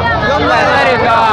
Allah ya